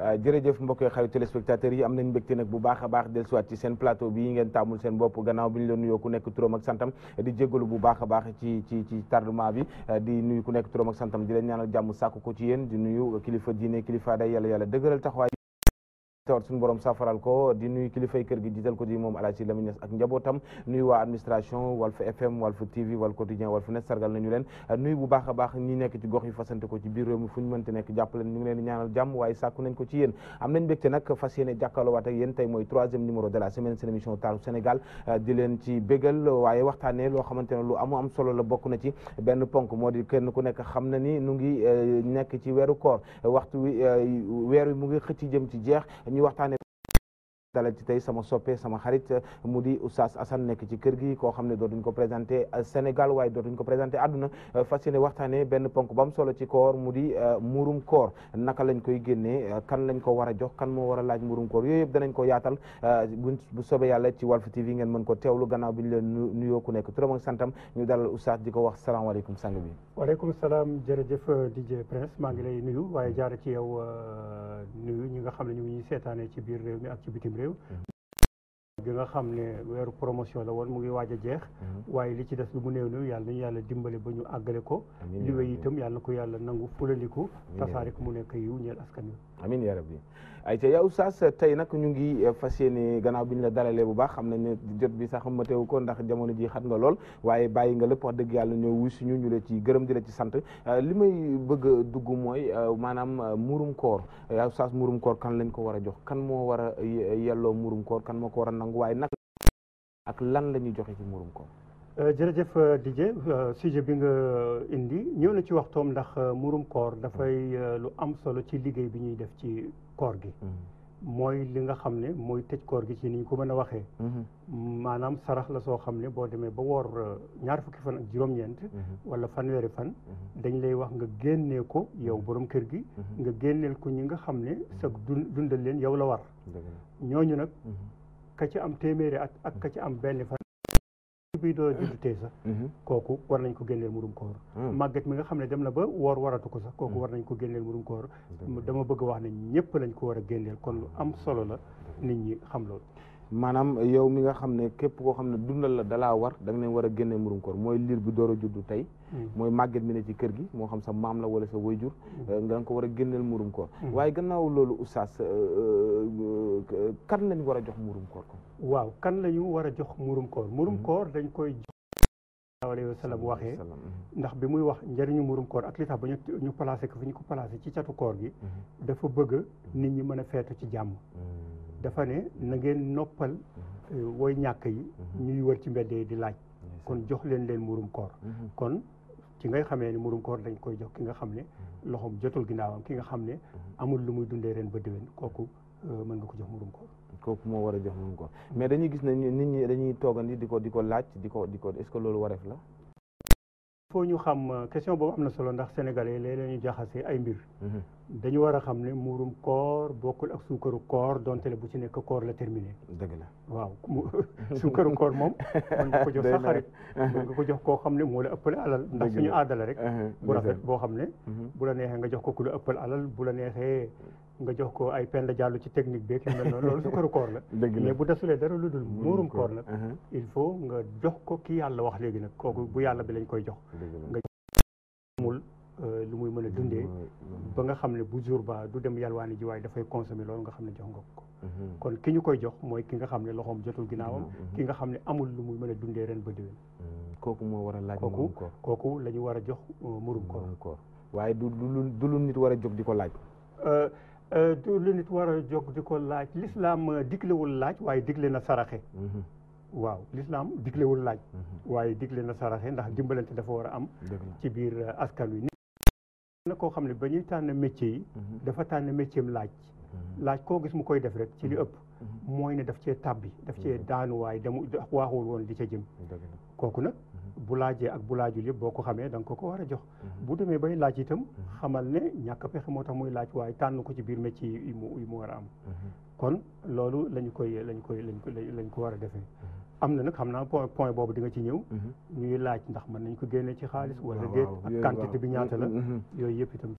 Euh, jërëjëf mbokk yi xarit téléspectateurs yi am nañ mbégte nag bu baax a baax dellusiwaat ci seen plateau bi ngeen taamul seen bopp gannaaw bi ñu leen nuyoo ku nekk turam ak santam di jégalu bu baax a baax ci ci ci tardement bi euh, di nuyu ku nekk turam ak santam di leen ñaanal jàmm sàkku ko ci yéen di nuyu kilifa diine kilifa day yàlla yàlla dëgëral taxawaay teewat suñu borom safaral ko di nuyu kilifay kër gi jiital ko di moom Alaaji Lamine Niass ak njabootam nuyu waa administration Walf FM Walf TV Walf Quotidien leen nuyu bu baax baax ñi nekk ci gox yi fasante ko ci biir réew mi fu ñu mënte nekk jàppaleen ñu ngi leen di ñaanal jàmm waaye sàkku nañ ko ci yéen am nañ mbégte nag fas de la semaine seen émission Sénégal di leen ci bégal waaye waxtaane loo xamante ne lu amu am solo la bokk na ci benn ponk moo di kenn ku nekk xam na ni nu ngi eh, nekk ci weeru koor waxtu wi eh, weer mu ngi xëcc jëm ci jeex ñu waxtaane dalal ci tey sama soppe sama xarit mu di Oustaz Assane nekk ci kër gi koo xam ne dootuñ ko présenté euh, Sénégal waaye dootuñ ko présenté àdduna euh, fas yéene waxtaanee benn ponk ba mu solo ci koor mu di euh, murum koor naka lañ koy génnee kan lañ ko war a jox kan moo war a laaj murum koor yooyu yëpp danañ ko yaatal bu bu soobee yàlla ci Walf TV ngeen mën ko teewlu gannaaw bi ñu leen nuyoo ku nekk turam santam ñu dalal Oustaz di ko wax salaamaaleykum sang bi. waaleykum salaam jërëjëf DJ Prince maa ngi lay nuyu waaye jaare ci yow nuyu ñi nga xam ne ñu ngi seetaanee ci biir réew réew bi nga xam ne weeru promotion la woon mu ngi waaj a jeex mm-hmm. waaye li ci des lu mu néew néew yàlla nañu yàlla dimbale ba ñu àggale ko liwéy itam yàlla na ko yàlla nangu fulandiku tasaare ko mu nekk yiw ñeel askan wi amin yaa rabbi ayca yow Oustaz tey nag ñu ngi eh, fas yéene gannaaw bi ñu la dalalee bu baax xam nañ ne jot bi sax mateewu ko ndax jamono ji xat nga lool waaye bàyyi nga lépp wax dëgg yàlla ñëw wuy su ñu ñu la ci gërëm di la ci sant eh, li may bëgg a dugg mooy eh, maanaam murum koor yow Oustaz murum koor kan lañ ko war a jox kan moo war a yelloo murum koor kan moo ko war a nangu waaye nag ak lan la ñuy joxe ci murum koor Euh, jërëjëf euh, Didier euh, sujet bi nga indi ñëw na ci waxtoom ndax murum koor dafay lu am solo ci liggéey bi ñuy def ci koor gi mm-hmm. mooy li nga xam ne mooy tëj koor gi ci ni ñu ko mën a waxee mm-hmm. maanaam sarax la soo xam ne boo demee ba woor ñaar fukki fan ak juróom-ñeent fan mm-hmm. fanweeri fan dañ lay wax nga génnee ko yow borom kër gi nga génneel ko ñi nga xam ne sa dundal leen yow la war ñooñu nag ka ci am téeméeri ak ka ci am benn fan bii door a sax mm-hmm. Mm-hmm. kooku war nañ ko génneel murum koor mm. màgget mi nga xam ne dem na ba woor waratu ko sax kooku mm. war nañ ko génneel murum koor dama bëgg wax ne ñëpp lañ ko war a génneel kon lu am solo la nit ñi xam loolu maanaam yow mi nga xam ne képp koo xam ne dundal la dalaa war danga nga war a génne murum koor mooy liir bi door a juddu tey mm. mooy màgget mi ne ci kër gi moo xam sa maam la wala sa wayjur nga mm. euh, nga ko war a génneel murum koor mm. waaye gannaaw loolu oustaz euh, euh, kan lañ war a jox murum koor ko waaw kan la ñu war a jox murum koor murum koor dañ koy jox alayhi wa sallam waxee mm-hmm. ndax bi muy wax njëriñu murum koor ak li tax ba ñu placé ko fi ñu ko placé ci catu koor gi mm-hmm. dafa bëgg mm-hmm. nit ñi mën a feetu ci jàmm dafa ne na noppal mhm. eh, woy ñàkk yi mhm. ñuy war ci mbedd yi di laaj kon jox leen leen murum koor mhm. kon ci ngay xamee ne murum koor dañ koy jox ki nga xam ne loxoom jotul ginnaawam ki nga xam ne amul lu muy dundee ren ba déwén kooku eh, mën nga ko jox murum koor kooku moo war a jox murum koor mais dañuy gis ne nit ñi dañuy toogandi di ko di ko laaj di ko di ko est-ce loolu wareef la foo ñu xam euh, question boobu am na solo ndax sénégalais léeg-léeg la ñu jaxase ay mbir. Mhm. dañu war xam ne muurum koor bokkul ak suukaru koor donte bu ci nekk koor la terminé. dëgg la waaw suukaru koor moom. mën ko jox sa xarit mën nga ko jox koo xam ne moo la ëppale alal. ndax suñu aadala rek. Mhm, bu rafet boo xam ne. Mhm. bu la neexee nga jox ko ku la ëppal alal bu la neexee. nga jox ko ay pend jàllu ci technique beeg yu mel noonu loolu sukaru koor la mais bu desulee dara lu dul muurum koor uh-huh. il faut nga jox ko ki yàlla wax léegi nag kooku bu yàlla bi lañ koy jox nga amul euh, lu muy mën a dundee ba nga xam ne bu jour ba du dem yalwaani ji waaye dafay consommer loolu nga xam ne jox nga ko uh-huh. kon ki ñu koy jox mooy ki nga xam ne loxoom jotul ginnaawam uh-huh, ki nga xam ne amul lu muy mën a dundee ren ba déwén uh, kooku moo war a laaj kooku kooku la ñu war a jox euh, murum koor waaye du du lu nit war a jóg di ko laaj euh, du lu nit war a jóg di ko laaj lislaam diglewul laaj waaye digle na saraxe mhm. waaw lislaam diglewul laaj mhm. waaye digle na saraxe ndax dimbalante dafa war a am ci biir askan wi na koo xam ne ba ñuy tànn métier yi mhm. dafa tànn métier am laaj laaj koo gis mu koy def rek ci li ëpp mooy ne daf cee tàbbi daf cee daanuwaay damu waxul woon di ca jëm kooku nag bu laajee ak bu laajul yëpp boo ko xamee da nga ko ko war a jox. Mhm. bu demee bay laaj itam. Mhm. xamal ne ñàkk pexe moo tax muy laaj waaye tànn ko ci biir métier yi mu mu war a am. Mhm. kon loolu lañu koy lañ koy lañ ko lañ ko war a defee. am na nag xam naa point point boobu di nga ci ñëw. ñuy laaj ndax mën nañ ko génne ci xaalis. wala ah, déet ak quantité bi ñaata la. yooyu yëpp itam.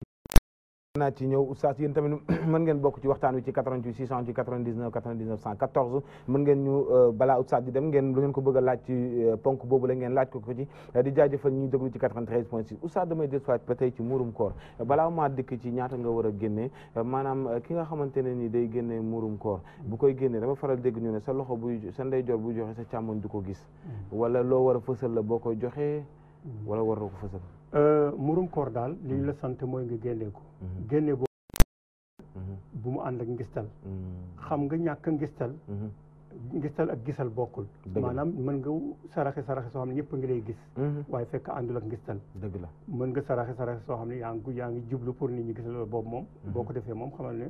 naa ci ñëw oustaz yéen tamit mën ngeen bokk ci waxtaan wi ci 88 628 99 99 114 mën ngeen ñu euh, balaa oustaz di dem ngeen lu ngeen ko bëgg a laaj ci euh, ponk boobu la ngeen laaj ko ko ci di jaajëfal ñuy déglu ci 93 damay dellusiwaat ba tey ci muurum koor balaa maa dikk ci ñaata nga war a génne euh, maanaam ki nga xamante ne ni day génne muurum koor bu koy génne dama faral dégg ñu ne sa loxo buy sa joor buy joxe sa càmmoñ du ko gis mm. wala loo war a fësal la boo koy joxee mm. wala waroo ko fësal Euh, murum koor daal li ñu la mm-hmm. sant mooy nga génne ko mm-hmm. génne boobu mm-hmm. bu mu ànd ak ngistal xam nga ñàkk ngistal ngistal ak gisal bokkul maanaam mën nga saraxe saraxe soo xam ne ñëpp ngi lay gis waaye fekk àndul ak ngistal dëgg la mën nga saraxe saraxe soo xam ne yaa ngi yaa ngi jublu pour nit ñi gisal boobu moom boo ko defee moom xamal ne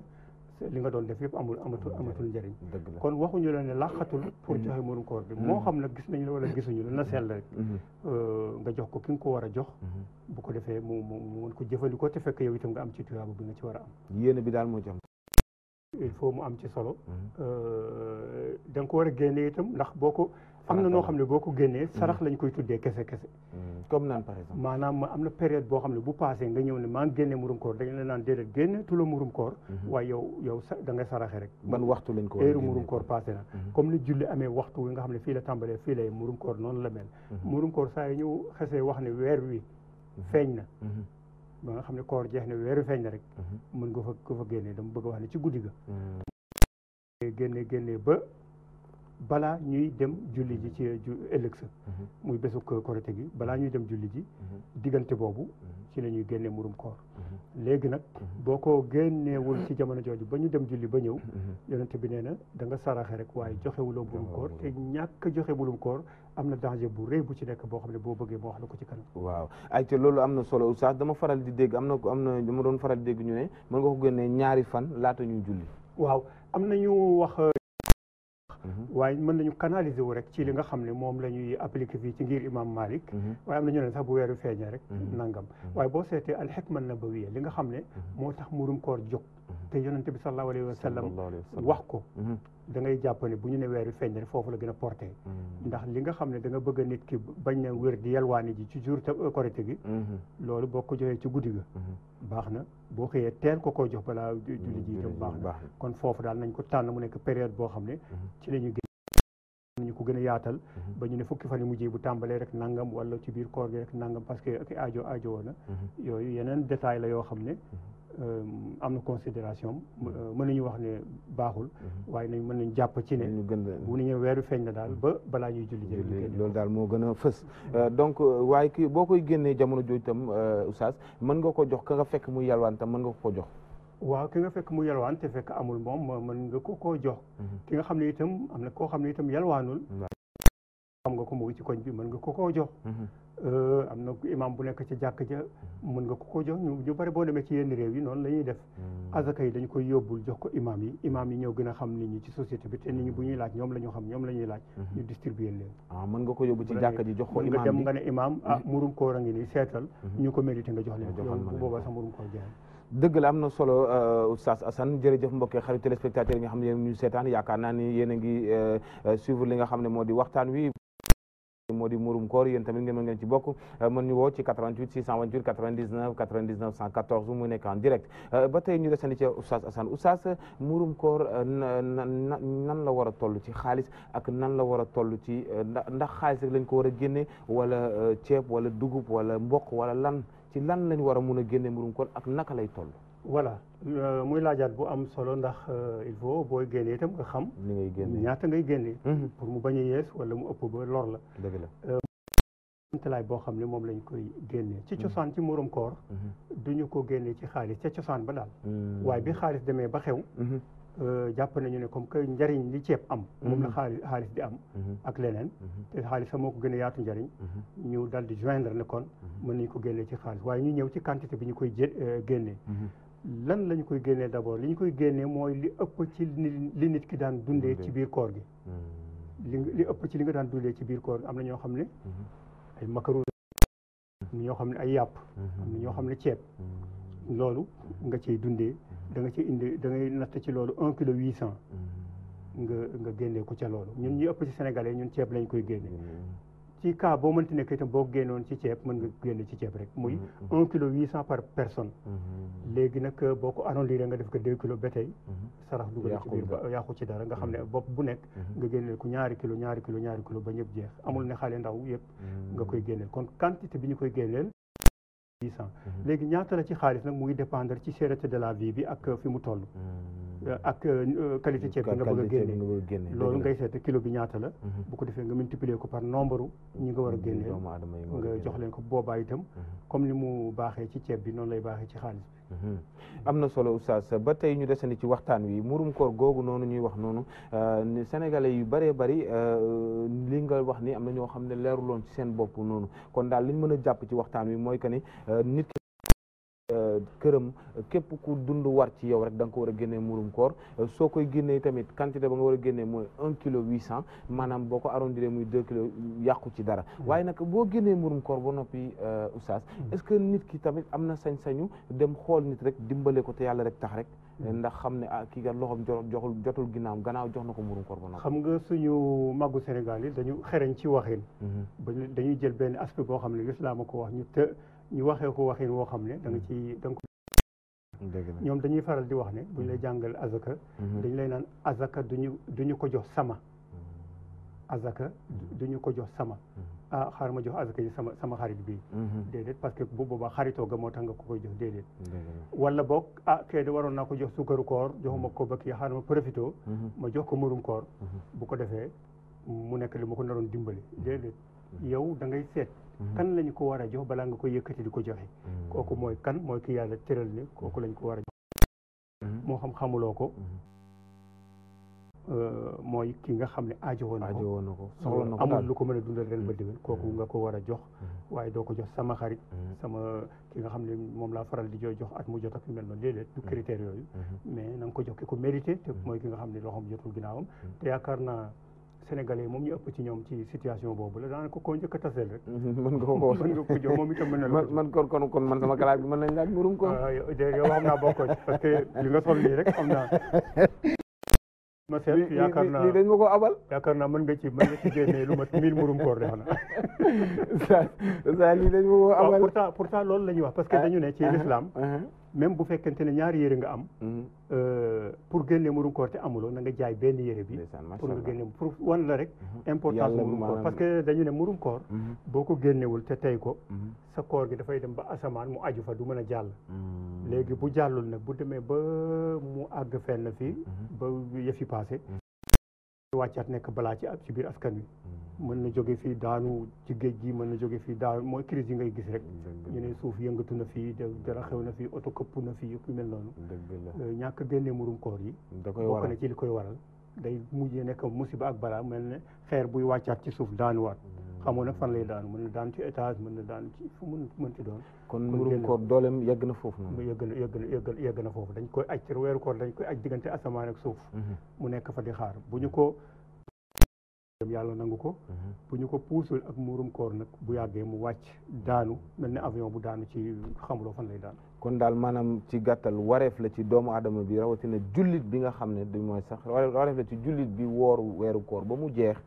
li nga doon def yëpp amul amatul amatul njëriñ kon waxuñu la ne làqatul pour mm-hmm. joxe murum koor bi mm-hmm. moo xam nag gis nañu la wala gisuñu la na sell rek mm-hmm. euh, nga jox ko ki ko war a jox bu ko defee mu mu mu mën ko jëfandikoo te fekk yow itam nga am ci a bi daal moo ci am il faut mu am ci solo euh, da nga ko war a génne itam ndax boo am na noo xam ne boo ko génnee mm. sarax lañ koy tuddee kese kese mm. comme nan par exemple maanaam am na période boo xam ne bu passé nga ñëw ne maa ngi génne murum koor dañ la naan déedéet génne tu la murum koor mm-hmm. waaye yow yow da saraxe rek ban waxtu lañ ko war a murum koor passé na mm-hmm. comme ni julli amee waxtu wi nga xam ne fii la tàmbalee fii lay murum koor noonu la mel mm-hmm. murum koor saa yi ñu xesee wax ne weer wi feeñ na ba nga xam ne koor jeex na weer wi feeñ na rek mën nga fa ko fa génnee dama bëgg wax ne ci guddi ga mm. génne balaa ñuy dem julli ji ci ëllëg sa mhm. muy bésu korite gi balaa ñuy dem julli ji mhm. diggante boobu mhm. ci la ñuy génnee murum koor léegi nag boo ko génneewul ci jamono jooju ba ñu dem julli ba ñëw yonente bi nee na da nga saraxe rek waaye joxewuloo murum koor te ñàkk joxe murum koor am na danger bu rëy bu ci nekk boo xam ne boo bëggee moo wax la ko ci kanam waaw ay te loolu am na solo saa dama faral di dégg am na am na dama doon faral di dégg ñu ne mën nga ko génnee ñaari fan laata ñuy julli waaye mën nañu canaliser wu rek ci li nga xam ne moom la ñuy appliqué fii ci ngir imam malik mhm. waaye am na ñu ne sax bu weeru feeñee rek mhm. nangam mhm. waaye boo seetee alxikma nabawiya li nga xam ne moo tax murum koor jóg te yonente bi sallallahu alayhi wa sallam wax ko da ngay jàpp ne bu ñu ne weer wi feeñ foofu la gën a porté mm-hmm. ndax li nga xam ne da nga a nit ki bañ na wér di yalwaani ji ci jour ta euh, gi mm-hmm. loolu boo ko joxee ci guddi ga mm-hmm. baax na boo xëyee teel ko koy jox balaa julli ji na kon foofu daal nañ ko tànn mu nekk période boo xam ne ci la ñu ñu ko gën a yaatal ba ñu ne fukki fan yi mujjee bu tàmbalee rek nangam wala ci biir koor gi rek nangam parce que ak aajo aajo yooyu yeneen détail la yoo xam ne Euh, am na considération mm-hmm. euh, mën nañu wax ne baaxul mm-hmm. waaye nañ mën nañ jàpp ci ne bu ñu weeru feeñ na daal mm-hmm. ba balaa ñuy julli jë loolu daal moo gën a fës euh, donc waaye kii boo koy génnee jamono jooju tam oustaz mën nga ko jox ka nga fekk muy yalwaan tam mën nga ko jox waaw ki nga fekk mu yalwaan te fekk amul moom mën nga ko jox ki nga xam ne itam am na koo xam ne itam yalwaanul xam nga ko mu ngi ci koñ bi mën nga ko koo jox mhm. euh, imam bu nekk ci jàkk ja mën nga ko koo jox ñu ñu bari boo demee ci yenn réew yi noonu la def mhm. azaka yi koy yóbbul jox ko imam yi imam yi ñoo gën a xam nit ñi ci société bi te nit bu ñuy laaj ñoom la ñu xam ñoom la ñuy laaj mhm. ñu distribuer leen ah mën nga ko yóbbu ci jàkk ji jox ko imam nga dem nga ne imam ah, murum koor a ngi seetal ñu ko mérité nga jox leen bu boobaa sax murum koor jaay dëgg la am na solo euh, Oustaz Assane jërëjëf mbokk xarit téléspectateurs a ngi euh, suivre moo di murum koor yéen tamit ngeen mën ngeen ci bokk euh, mën ñu woo ci 88 628 99 99 114 mu nekk en direct euh, ba tey ñu desandi ci oustaz Assane oustaz murum koor euh, nan la war a toll ci xaalis ak nan la war a toll ci ndax xaalis rek lañ ko war a génne wala ceeb wala dugub wala mboq wala lan ci lan lañ war a mun a génne murum koor ak naka lay toll voilà euh, muy laajaat bu am solo ndax euh, il faut booy génnee itam nga xam. li ngay génne ñaata ngay génne. Mhm. pour mu bañ a yees wala mu ëpp ba lor la. dëgg la euh, mantelaay boo xam ne moom lañ koy génnee. ci mhm. cosaan ci murum koor. Mhm. du ñu ko génnee ci xaalis ca cosaan ba daal. Mm. waaye bi xaalis demee ba xew. jàpp nañu ne comme que njariñ li ceeb am. moom la xaalis xaalis di am. ak leneen. te xaalis sax moo ko gën a yaatu njariñ. ñu dal di joindre ne kon. mën nañu ko génnee ci xaalis waaye ñu ñëw ci quantité bi ñu koy jé génnee. lan lañ koy génnee d'abord li ñu koy génnee mooy li ëpp ci li nit ki daan dundee ci biir koor gi hmm. li li ëpp ci li nga daan dundee ci biir koor gi am na ñoo xam ne hmm. ay macaroni am ñoo xam ne ay yàpp ñoo xam ne ceeb hmm. loolu nga ciy dundee danga nga ci indi da ngay natt ci loolu un kilo huit cent nga nga génnee ko ca loolu ñun ñu ëpp ci Sénégalais ñun ceeb lañ koy génne ci ka boo mënti nekk itam boo génnoon ci ceeb mën nga génn ci ceeb rek muy mm-hmm. un kilo huit cent par personne mm-hmm. léegi nag euh, boo ko arrondir nga def ko deux kilos ba tey mm-hmm. sarax dugal ci biir ba ci dara nga xam ne bopp bu nekk nga génneel ko ñaari kilo ñaari kilo ñaari kilo ba ñëpp jeex amul ne xale ndaw yëpp nga koy génneel kon quantité bi ñu koy génneel huit cent léegi ñaata la ci xaalis nag muy dépendre ci cherté de la vie bi ak euh, fi mu toll Euh, ak euh, euh, qualité ceeb bi nga bëgg a génne loolu ngay seet kilo bi ñaata la mhm. bu ko defee nga multiplier ko par nombre ñi nga war a mhm. génne nga jox leen ko boobaa itam mhm. comme li mu baaxee ci ceeb bi noonu lay baaxee ci xaalis bi am na solo oustaz ba tey ñu desandi ci waxtaan wi murum koor googu noonu ñuy wax noonu sénégalais yu bëree bëri li nga wax ni am na ñoo xam ne leeruloon ci seen bopp noonu kon daal liñ mën a jàpp ci waxtaan wi mooy que ni nit këram képp ku dund war ci yow rek da war a génnee murum koor soo koy génnee tamit quantité ba nga war a génnee mooy un kilo huit cent maanaam boo ko arrondiré muy deux kilos yàqu ci dara hmm. waaye nag boo génnee murum koor ba noppi euh, oustaz hmm. est-ce que nit ki tamit am na sañ-sañu dem xool nit rek dimbale ko te yàlla rek tax rek hmm. ndax xam ne ah kii kat loxoom joxul jotul ginnaam gannaaw jox na ko murum koor ba noppi xam nga suñu màggu Sénégal yi dañu xereñ ci waxin dañuy wax ñu waxee ko waxin woo xam ne da mm. ci da nga ko ñoom dañuy faral di wax ne buñ lay mm. jàngal azaka mm-hmm. dañ lay naan azaka duñu duñu ko jox sama mm. azaka duñu ko jox sama mm-hmm. ah xaaral ma jox azaka yi sama sama xarit bii mm-hmm. déedéet parce que bu boobaa xaritoo ga moo tax nga ko koy jox déedéet wala boog ah kee de waroon naa ko jox suukaru koor joxuma ko ba kii ma profito ma jox ko murum koor bu ko defee mu nekk li ma ko naroon dimbali déedéet yow da ngay seet Mm-hmm. kan lañ ko war a jox balaa nga koy yëkkati di ko joxe mm-hmm. kooku mooy kan mooy ki yàlla tëral ni kooku lañ ko war a jox mm-hmm. moo xam xamuloo ko euh, mooy ki nga xam ne ajo woon na ko soxla na ko amul lu ko mën a dundal ren ba déwén kooku nga ko war a jox waaye doo ko jox sama xarit sama ki nga xam ne moom laa faral di jox jox at mu jot ak yu mel noonu léeg du critères yooyu mais na ko jox ki ko mérité te mooy ki nga xam ne loxoom jotul ginnaawam te yaakaar naa sénégalais moom ñu ëpp ci ñoom ci situation boobu la daanaka koo njëkk a taseel rek. mën nga ko woo nga ko man kon kon man sama kalaay bi nañ laaj murum ko. Ah, yow xam naa bokkoo ci parce que li nga sol nii rek xam na ma seet yaakaar naa lii dañ ma ko abal. yaakaar na mën nga ci man nga ci génne lu mat mille murum koor de naa. saa lii dañ ma ko abal. pourtant pourtant loolu la ñuy wax parce que ah, dañu ne ci ah, l'islam même bu fekkente ne ñaari yére nga am. Mhm. Euh, pour génne murum koor te amuloo na nga jaay benn yére bi. pour nga génne pour wan la rek. Mhm. importance murum koor parce que dañu ne murum koor. Mhm. boo ko génnewul te tey ko. sa koor gi dafay dem ba asamaan mu aju fa du mën a jàll. léegi bu jàllool nag bu demee ba mu àgg fenn fi ba yëf yi paase. wàccaat nekk balaa ci ci biir askan wi. mën na jóge fii daanu ci géej gi mën na jóge fii daanu mooy crise yi ngay gis rek ñu ne suuf yëngatu na fii dara xew na fii oto këpp na fii ku mel noonu euh, ñàkk génnee murum koor yi bokk na ci li koy waral day mujjee nekk musiba ak balaa mel ne xeer buy wàccaat ci suuf daanuwaat xamoo nag fan lay daan mën na daan ci étage mën na daan ci fu mën mën ci doon kon murum koor doole yegg na foofu noonu yegg na yegg na yegg yegg na foofu dañ koy aj ci weeru koor dañ koy aj diggante asamaan ak suuf mhm. mu nekk fa di xaar bu ñu ko yàlla nangu ko mhm. bu ñu ko puusul ak muurum koor nag bu yàggee mu wàcc daanu mel ne avion bu daanu ci xamuloo fan lay daan kon daal maanaam ci gàttal wareef la ci doomu aadama bi rawatina jullit bi nga xam ne du mooy sax wareef la ci jullit bi wooru weeru koor ba mu jeex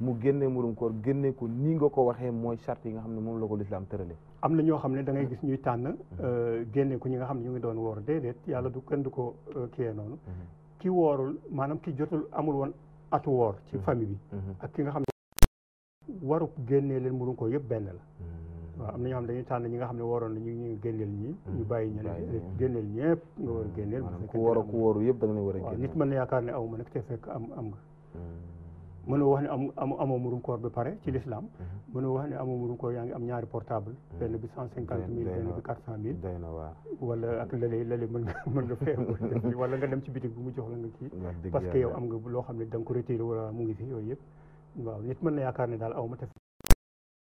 mu génnee muurum koor génne ko nii nga ko waxee mooy charte yi nga xam ne moom la ko lislaam tërale am na ñoo xam ne dangay gis ñuy tànn mhm. euh, génnee ko ñi nga xam ne ñu ngi doon woor déedéet yàlla du kenn euh, noonu mhm. atu woor ci mm-hmm. famille mm-hmm. ak ki nga xam ne waru génnee leen mënu ko yëpp benn la mm-hmm. waaw am na ñoo xam dañuy tànn ñi nga xam ne waroon na ñu ñu génneel ñi ñu bàyyi ñu la génneel ñëpp nga war a génneel ku war a ku wóoru yëpp da nga war a génneel nit mën na yaakaar ne aw ma nag te fekk am am mënoo wax ne am amoo murum koor ba pare ci mm-hmm. lislaam mm-hmm. mënoo wax ne amoo murum koor yaa ngi am ñaari portable mm-hmm. benn bi cent cinquante mille benn bi quatre cent mille wala ak lale lale mën nga mën nga dem ci bitig bi mu jox la nga kii parce que yow am nga loo xam ne da nga ko retiré a mu ngi fi yooyu yëpp waaw nit mën na yaakaar ne daal aw ma te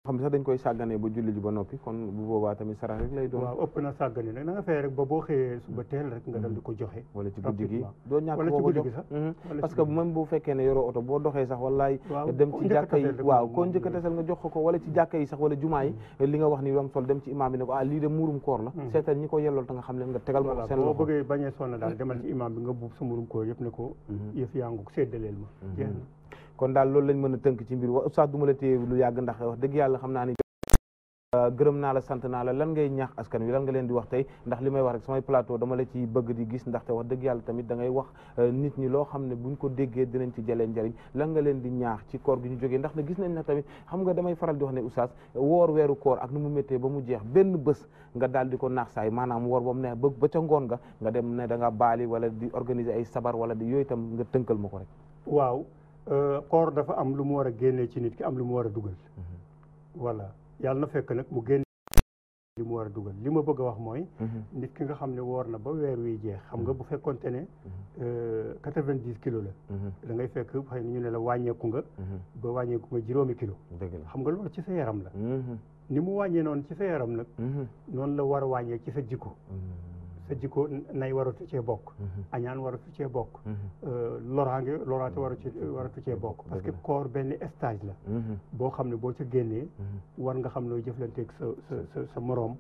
xam sax dañ koy sàgganee ba julli ji ba noppi kon bu boobaa tamit sarax rek lay doon waaw ëpp na sàggane nag na ba boo xëyee suba mm-hmm. teel rek nga dal di ko joxe mm-hmm. wala ci guddi gi doo ñàkk wala ci mm-hmm. guddi gi sax parce que même bu fekkee ne yoroo oto boo doxee sax wallaay dem ci jàkka yi wala ci jàkka sax wala jumaa yi li nga wax ni am sol dem ci imaam ne ko ah lii de muurum koor la seetal ñi ko yellool ta nga xam leen nga tegal ma ko seen loxo boo bëggee bañee sonn daal demal ci imaam nga buub sa muurum koor yëpp ne ko yëf kon daal loolu lañ mën a tënk ci mbir wa oustaz du la téye lu yàgg ndax wax dëgg yàlla xam naa ni euh, gërëm naa la sant naa la lan ngay ñaax askan wi lan nga leen di wax tey ndax li may wax rek samay plateau dama la ci bëgg di gis ndaxte wax dëgg yàlla tamit dangay wax euh, nit ñi loo xam ne bu ñu ko déggee dinañ ci jalee njariñ lan nga leen di ñaax ci koor gi ñu jógee ndax na gis nañ ne tamit xam nga damay faral di wax ne oustaz woor weeru koor ak nu mu méttee ba mu jeex benn bés nga daal di ko saay maanaam woor ba mu ne ba ca ngoon nga nga dem ne da baali wala di organiser ay sabar wala di yooyu tam nga tënkal ma ko rek Euh, koor dafa am lu mu war a génnee ci nit ki am lu mu war a dugal mhm. voilà yàlla na fekk nag mu génne li mu war a dugal li ma bëgg a wax mooy mhm. nit ki nga xam ne woor na ba weer wi jeex xam nga mhm. bu fekkonte ne euh, quatre-vingt-dix kilos la da ngay fekk xëy na ñu la wàññeeku nga ba wàññeeku nga juróomi kilo xam nga loolu ci sa yaram la ni mu wàññee noonu ci sa yaram nag noonu la war a wàññee ci sa jikko sa jikko nay waratu cee bokk mhm. añaan waratu cee bokk mhm. euh, loraange loraate waratu mhm. waratu cee bokk parce que koor benn estage la boo xam ne boo ca génnee war nga xam nooy jëflanteeg sa sa sa moroom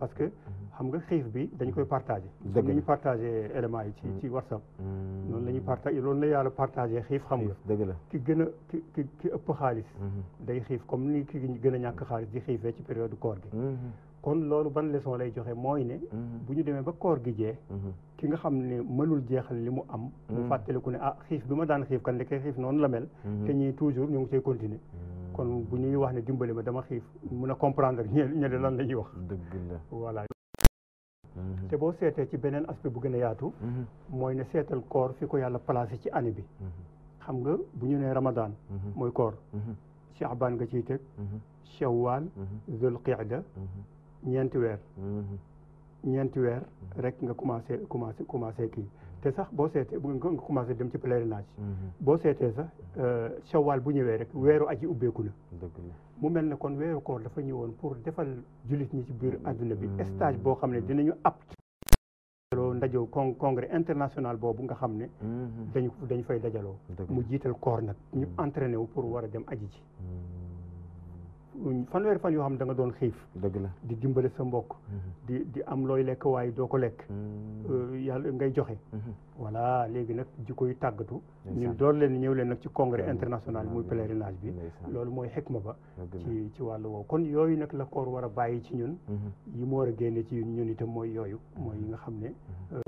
parce que xam nga xiif bi dañ koy partage comme ni ñu partagé yi ci ci whatsapp noonu la ñuy partagé loolu la yàlla partagé xiif xam nga dëgg la ki gën a ki ki ki ëpp xaalis day xiif comme ni ki gën a ñàkk xaalis di xiifee ci période koor gi kon loolu ban leçon lay joxe mooy ne. Mhm. bu ñu demee ba koor gi jee. Mhm. ki nga xam ne mënul jeexal li mu am. mu mhm. fàttaliku ne ah xiif bi ma daan xiif kan nekkee xiif noonu la mel. te ñii toujours ñu ngi cay continuer. kon bu ñuy wax ne dimbali ma dama xiif mun a comprendre ñeneen lan la ñuy wax. dëgg la voilà. te boo seetee ci beneen aspect bu gën a yaatu. mooy ne seetal koor fi ko yàlla placé ci année bi. xam nga bu ñu nee Ramadan. mooy koor. Shaaban nga ciy teg. Shawwal. Zul Qicda. ñeenti weer. Mhm. ñeenti weer mhm. rek nga commencé commencé commencé kii te sax boo seetee nga commencé dem ci pèlerinage. Mhm. boo seetee sax euh, shawal bu ñëwee rek weeru aji ubbeeku la. mu mel ne kon weeru koor dafa ñëwoon pour defal jullit ñi ci biir àdduna bi stage boo xam ne dinañu apt dajaloo ndajow international boobu nga xam ne dañ dañ fay dajaloo mu jiital koor nag ñu entraîné wu pour war a dem aji ji fanweeri fan yoo xam ne danga nga doon xiif. dëgg la di dimbale sa mbokk. Mm-hmm. di di am looy lekk waaye doo ko lekk. Mm-hmm. Euh, yàlla ngay joxe. Mm-hmm. voilà léegi nag jikko yu tàggatu. ñun door leen ñëw leen nag ci congrès international muy pèlerinage bi. loolu mooy xekma ba. ci ci wàllu woowu kon yooyu nag la koor war a bàyyi ci ñun. yi mu war a génne ci ñun itam mooy yooyu mooy yi nga xam ne. Euh,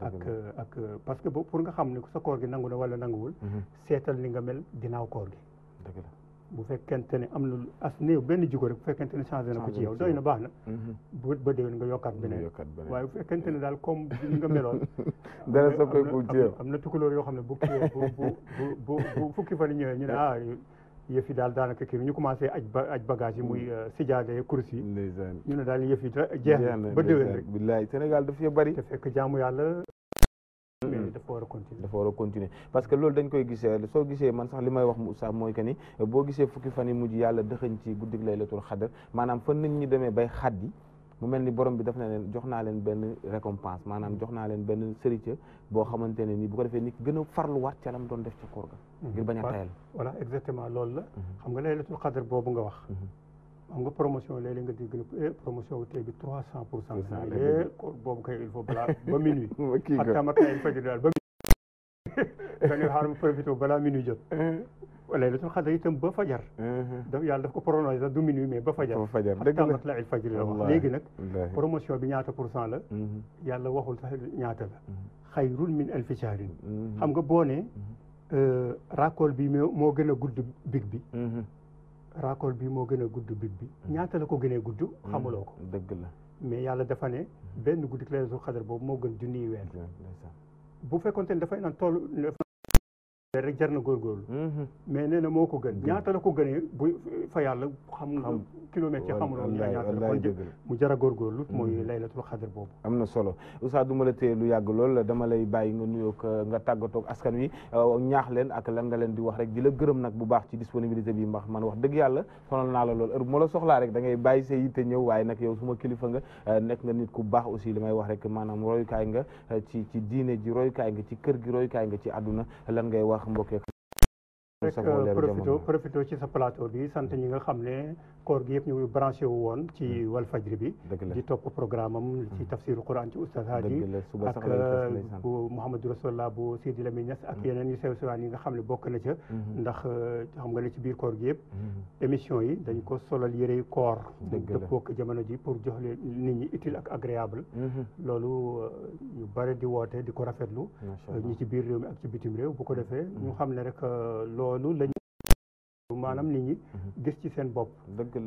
ak euh, ak parce que bo pour nga xam ne sa koor gi nangu na wala nanguwul. seetal ni nga mel ginnaaw koor bu fekkente ne am na as néew benn jikko rek bu fekkente ni changé na ko ci yow doy na baax na mhm. bu ba déwén nga yokkaat beneen waaye bu fekkente ne daal comme bi nga meloon dara am na tukulóor yoo xam ne bu bu bu bu fukki fan ñëwee ñu ne ah yëf yi daal daanaka kii ñu commencé aj aj bagage yi muy mm. euh, sijaade kursi yi ñu ne daal yëf yi jeex na ba déwén rek bilaay Sénégal daf fee bari te fekk jaamu yàlla dafa war parce que loolu dañ koy gisee soo gisee man sax li may wax mu sax mooy que ni boo gisee fukki fan yi mujj yàlla dëxëñ ci guddig laylatul xadar maanaam fa nit ñi demee bay xaddi mu mel ni borom bi daf na leen jox naa leen benn récompense maanaam jox naa leen benn sërite boo xamante ne bu ko defee nit gën a farluwaat ca lam doon def ca koor ga mhm. ngir bañ a tayal exactement loolu la mhm. xam nga laylatul xadar boobu nga wax xam mhm. nga promotion léeg nga ne xaaral ma ba fajar. daf yàlla daf ko prononcé sax du minuit mais ba fajar. ba fajar dëgg la ak la fajri la bi ñaata pour cent la. yàlla waxul sax ñaata la. xayrun min alfi shahrin xam nga boone nee. raakool bi moo gën a gudd big bi. raakool bi moo gën a gudd big bi. ñaata la ko gënee gudd. xamuloo ko dëgg la. mais yàlla dafa ne benn guddi laylatul xadar boobu moo gën junniy weer. bu fekkoon ne dafay naan toll. te jar na góorgóorlu mm-hmm. mais nee na moo ko gën mm-hmm. ñaata la ko gënee bu fa yàlla xam nga kilomètre yi xamuloo ñaata la kon mu jar a góorgóorlu mooy mm-hmm. laylatul xadr boobu am na solo Oustaz du ma lu yàgg lool dama lay bàyyi nga nuyoo euh, nga tàggatoog askan wi euh, ñaax leen ak lan nga leen di wax rek di la gërëm nag bu baax ci disponibilité bi mbax man wax dëgg yàlla sonal naa la lool heure bu rek da bàyyi sa yitte ñëw waaye nag yow suma kilifa nga euh, nekk nga nit ku baax aussi la may wax rek maanaam royukaay nga ci ci diine ji royukaay nga ci kër gi royukaay nga ci àdduna lan ngay wax baax mbokk rek profito profito ci sa plateau bi sant ñi nga xam ne koor gi yëpp ñu branché wu woon ci hmm. Walfajri bi di topp programme am hmm. ci tafsiru quran ci oustaz Hadi ak eh, bu Mouhamadou Rasulullah bu Sidi ak hmm. yeneen yu sew sewaan yi nga xam ne bokk na ca ndax eh, xam nga ne ci biir koor gi yëpp yi dañ ko solal yërey koor dëppoo nit ñi utile ak agréable loolu ñu eh, bare di woote di ko rafetlu ñi ci biir réew mi ak ci bitim réew bu ko defee ñu xam ne rek loolu loolu lañu maanaam nit ñi mm-hmm. gis ci seen bopp.